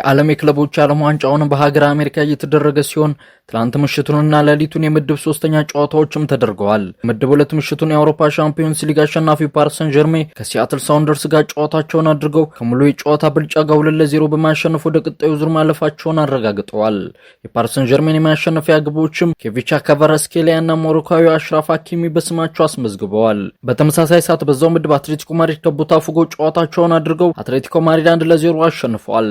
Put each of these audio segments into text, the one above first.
የዓለም የክለቦች የዓለም ዋንጫውን በሀገር አሜሪካ እየተደረገ ሲሆን ትናንት ምሽቱንና ሌሊቱን የምድብ ሶስተኛ ጨዋታዎችም ተደርገዋል። ምድብ ሁለት ምሽቱን የአውሮፓ ሻምፒዮንስ ሊግ አሸናፊ ፓርሰን ጀርሜ ከሲያትል ሳውንደርስ ጋር ጨዋታቸውን አድርገው ከሙሉ የጨዋታ ብልጫ ጋር ሁለት ለዜሮ በማሸነፍ ወደ ቀጣዩ ዙር ማለፋቸውን አረጋግጠዋል። የፓርሰን ጀርሜን የማሸነፊያ ግቦችም ኬቪቻ ካቫራስኬሊያ እና ሞሮካዊ አሽራፍ ሀኪሚ በስማቸው አስመዝግበዋል። በተመሳሳይ ሰዓት በዛው ምድብ አትሌቲኮ ማድሪድ ከቦታፎጎ ጨዋታቸውን አድርገው አትሌቲኮ ማድሪድ አንድ ለዜሮ አሸንፈዋል።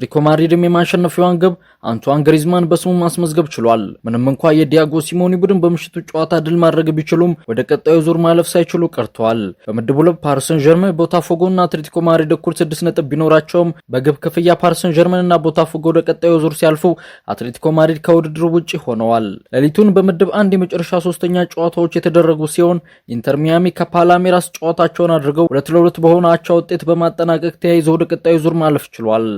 አትሌቲኮ ማድሪድም የማሸነፊያዋን ግብ አንቷን ግሪዝማን በስሙ ማስመዝገብ ችሏል። ምንም እንኳ የዲያጎ ሲሞኒ ቡድን በምሽቱ ጨዋታ ድል ማድረግ ቢችሉም ወደ ቀጣዩ ዙር ማለፍ ሳይችሉ ቀርተዋል። በምድቡ ሁለት ፓሪሰን ጀርመን፣ ቦታፎጎና አትሌቲኮ ማድሪድ እኩል ስድስት ነጥብ ቢኖራቸውም በግብ ክፍያ ፓሪሰን ጀርመን እና ቦታፎጎ ወደ ቀጣዩ ዙር ሲያልፉ አትሌቲኮ ማድሪድ ከውድድሩ ውጭ ሆነዋል። ሌሊቱን በምድብ አንድ የመጨረሻ ሶስተኛ ጨዋታዎች የተደረጉ ሲሆን ኢንተር ሚያሚ ከፓላሜራስ ጨዋታቸውን አድርገው ሁለት ለሁለት በሆነ አቻ ውጤት በማጠናቀቅ ተያይዘው ወደ ቀጣዩ ዙር ማለፍ ችሏል።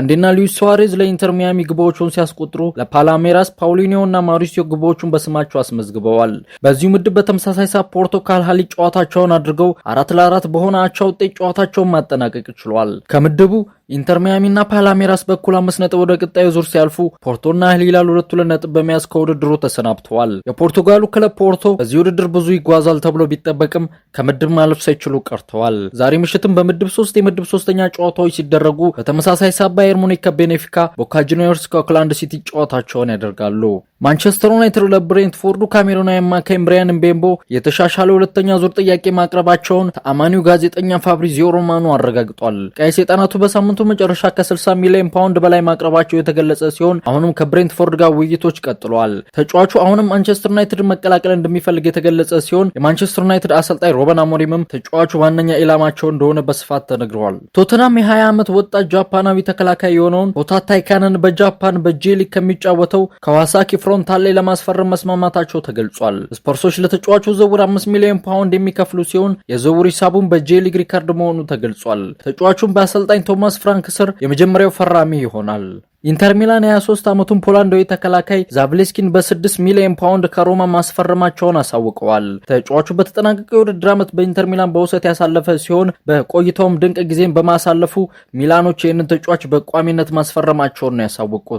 ሜንዴና ሉዊስ ሱዋሬዝ ለኢንተር ሚያሚ ግቦቹን ሲያስቆጥሩ ለፓላሜራስ ፓውሊኒዮ እና ማሪሲዮ ግቦቹን በስማቸው አስመዝግበዋል። በዚሁ ምድብ በተመሳሳይ ሰዓት ፖርቶ ካልሃሊ ጨዋታቸውን አድርገው አራት ለአራት በሆነ አቻ ውጤት ጨዋታቸውን ማጠናቀቅ ችሏል። ከምድቡ ኢንተር ሚያሚና ፓላሜራስ በኩል አምስት ነጥብ ወደ ቀጣዩ ዙር ሲያልፉ ፖርቶና ሂላል ሁለት ሁለት ነጥብ በመያዝ ከውድድሩ ተሰናብተዋል። የፖርቱጋሉ ክለብ ፖርቶ በዚህ ውድድር ብዙ ይጓዛል ተብሎ ቢጠበቅም ከምድብ ማለፍ ሳይችሉ ቀርተዋል። ዛሬ ምሽትም በምድብ ሶስት የምድብ ሶስተኛ ጨዋታዎች ሲደረጉ በተመሳሳይ ሳባ ባየር ሙኒክ ከቤኔፊካ፣ ቦካ ሲቲ ጨዋታቸውን ያደርጋሉ። ማንቸስተር ዩናይትድ ለብሬንትፎርዱ ካሜሩናዊ አማካኝ ብሪያን ምቤምቦ የተሻሻለ ሁለተኛ ዙር ጥያቄ ማቅረባቸውን ተአማኒው ጋዜጠኛ ፋብሪዚዮ ሮማኖ አረጋግጧል። ቀይ ሰይጣናቱ በሳምንቱ መጨረሻ ከ60 ሚሊዮን ፓውንድ በላይ ማቅረባቸው የተገለጸ ሲሆን አሁንም ከብሬንትፎርድ ጋር ውይይቶች ቀጥለዋል። ተጫዋቹ አሁንም ማንቸስተር ዩናይትድ መቀላቀል እንደሚፈልግ የተገለጸ ሲሆን የማንቸስተር ዩናይትድ አሰልጣኝ ሮበን አሞሪምም ተጫዋቹ ዋነኛ ኢላማቸው እንደሆነ በስፋት ተነግረዋል። ቶተናም የ20 ዓመት ወጣት ጃፓናዊ ተከላካይ የሆነውን ቦታታይካንን በጃፓን በጄሊክ ከሚጫወተው ከዋሳኪ ላይ ለማስፈረም መስማማታቸው ተገልጿል። ስፐርሶች ለተጫዋቹ ዝውውር አምስት ሚሊዮን ፓውንድ የሚከፍሉ ሲሆን የዝውውር ሂሳቡን በጄ ሊግ ሪካርድ መሆኑ ተገልጿል። ተጫዋቹን በአሰልጣኝ ቶማስ ፍራንክ ስር የመጀመሪያው ፈራሚ ይሆናል። ኢንተር ሚላን የ23 ዓመቱን ፖላንዳዊ ተከላካይ ዛቭሌስኪን በ6 ሚሊዮን ፓውንድ ከሮማ ማስፈረማቸውን አሳውቀዋል። ተጫዋቹ በተጠናቀቀ የውድድር ዓመት በኢንተር ሚላን በውሰት ያሳለፈ ሲሆን በቆይታውም ድንቅ ጊዜን በማሳለፉ ሚላኖች ይህንን ተጫዋች በቋሚነት ማስፈረማቸውን ነው ያሳወቁት።